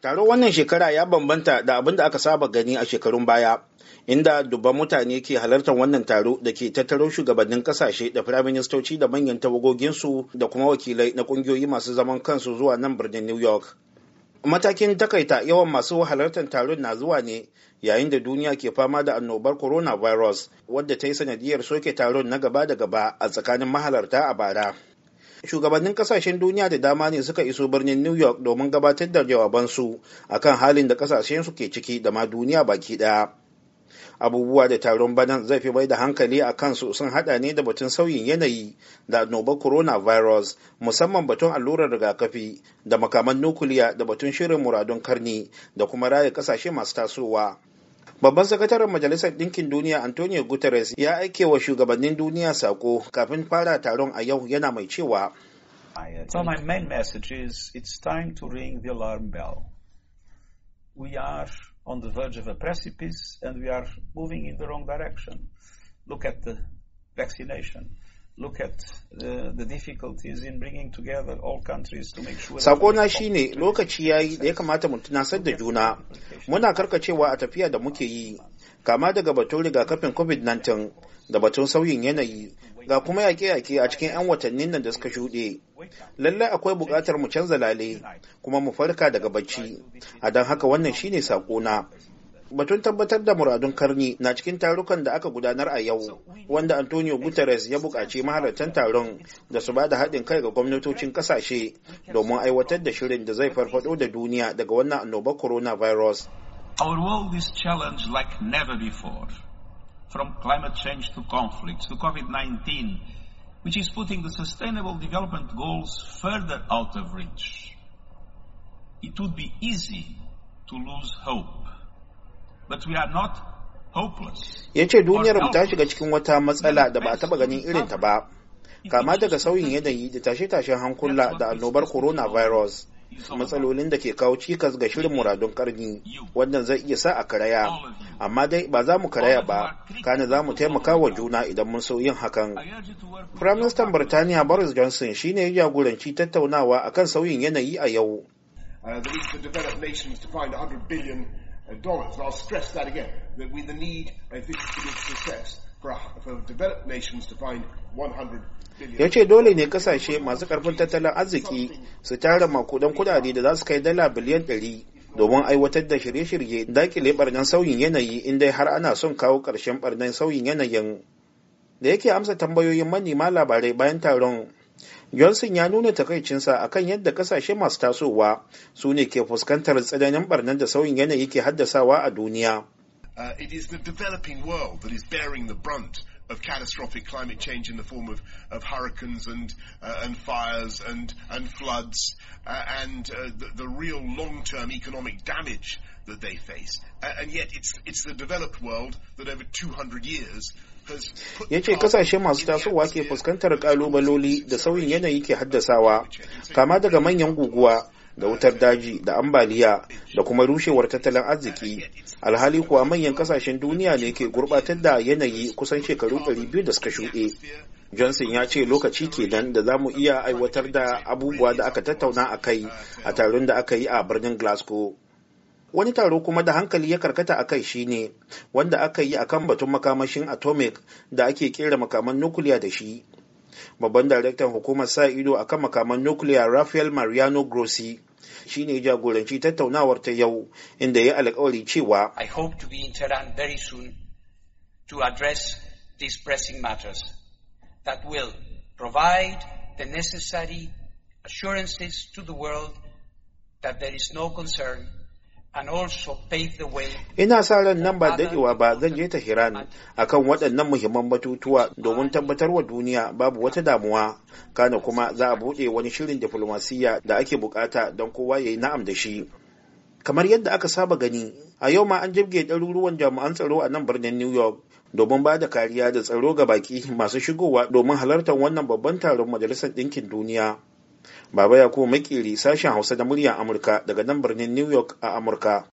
Taro wannan shekara ya bambanta da abin da aka saba gani a shekarun baya, inda dubban mutane ke halartar wannan taro da ke tattaro shugabannin kasashe da firaministoci da manyan tawagoginsu da kuma wakilai na kungiyoyi masu zaman kansu zuwa nan birnin New York. Matakin takaita yawan masu halartar taron na zuwa ne yayin da duniya ke fama da annobar coronavirus wadda ta yi sanadiyar soke taron na gaba da gaba a tsakanin mahalarta a bara. Shugabannin kasashen duniya da dama ne suka iso birnin New York domin gabatar da jawabansu akan halin da kasashen su ke ciki da ma duniya baki daya. Abubuwa da taron banan zai fi bai da hankali a kansu sun hada ne da batun sauyin yanayi da annobar coronavirus musamman batun allurar rigakafi da makaman nukuliya da batun shirin muradun karni da kuma raya kasashe masu tasowa. Babban sakataren Majalisar Ɗinkin Duniya Antonio Guterres ya aike wa shugabannin duniya sako kafin fara taron a yau yana mai cewa. So my main message is it's time to ring the alarm bell. We are on the verge of a precipice and we are moving in the wrong direction. Look at the vaccination. look at the, the difficulties in bringing together all countries to make sure sakona shine lokaci yayi da ya kamata mu tunasar da juna muna karkacewa a tafiya da muke yi kama daga batun rigakafin covid-19 da batun sauyin yanayi ga kuma yake-yake a cikin 'yan watannin nan da suka shuɗe lallai akwai buƙatar mu canza lale kuma mu farka daga bacci a don haka wannan shine sakona Batun tabbatar da muradun karni na cikin tarukan da aka gudanar a yau, wanda Antonio Guterres ya buƙaci mahalartan taron da su ba da haɗin kai ga gwamnatocin ƙasashe domin aiwatar da shirin da zai farfaɗo da duniya daga wannan annobar coronavirus. Our world is challenged like never before, from climate change to conflict to COVID-19, which is putting the sustainable development goals further out of reach. It would be easy to lose hope. Ya ce duniyar ta shiga cikin wata matsala da ba taba taɓa ganin ta ba, kama daga sauyin yanayi da tashe-tashen hankula da annobar coronavirus. matsalolin da ke kawo cikas ga shirin muradun karni wannan zai iya sa a karaya amma dai ba za mu karaya ba kana za mu taimaka wa juna idan mun so yin hakan firaministan birtaniya boris johnson shine ya jagoranci tattaunawa akan sauyin yanayi a yau uh, dollars. And I'll stress that again, that we the need, I think, to be success for, for developed nations to find 100 ya ce dole ne kasashe masu karfin tattalin arziki su tara makudan kudade da za su kai dala biliyan 100 domin aiwatar da shirye-shirye dakile barnan sauyin yanayi inda har ana son kawo ƙarshen barnan sauyin yanayin da yake amsa tambayoyin manema labarai bayan taron johnson ya nuna takaicinsa akan yadda kasashe masu tasowa su ne ke fuskantar tsananin barnar da sauyin yanayi ke haddasawa a duniya Uh, the developing world that is the brunt of catastrophic climate change in the form of, of hurricanes and uh, and fires and and floods uh, and uh, the, the, real long term economic damage that they face. and yet, it's it's the developed world that over 200 years. ya ce kasashe masu tasowa ke fuskantar kalubaloli da sauyin yanayi ke haddasawa kama daga manyan guguwa da wutar daji da ambaliya da kuma rushewar tattalin arziki alhali kuwa manyan kasashen duniya ne ke gurbatar da yanayi kusan shekaru 200 da suka shuɗe johnson ya ce lokaci kenan da za mu iya aiwatar da abubuwa da aka tattauna a kai a taron da aka yi a birnin glasgow wani taro kuma da hankali ya karkata a kai shi ne, wanda aka yi akan batun makamashin atomic da ake kera makaman nukuliya da shi babban daraktan hukumar sa ido a kan makaman rafael mariano grossi shi ne jagoranci tattaunawar ta yau inda ya alkawari cewa i hope to be in tehran very soon to address these pressing matters that will provide the necessary assurances to the world that there is no concern Ina sa ran nan ba daɗewa ba zan je ta a akan waɗannan muhimman batutuwa domin tabbatar wa duniya babu wata damuwa. Kana kuma za a buɗe wani shirin diflomasiyya da ake bukata don kowa ya yi na'am da shi. Kamar yadda aka saba gani, a yau ma an jibge ɗaruruwan jami'an tsaro a nan birnin New York domin ba da kariya da tsaro ga baki masu shigowa domin halartar wannan babban taron Majalisar Ɗinkin Duniya. Baba Yakubu Makeri sashen Hausa da muryar Amurka daga nan birnin New York a Amurka.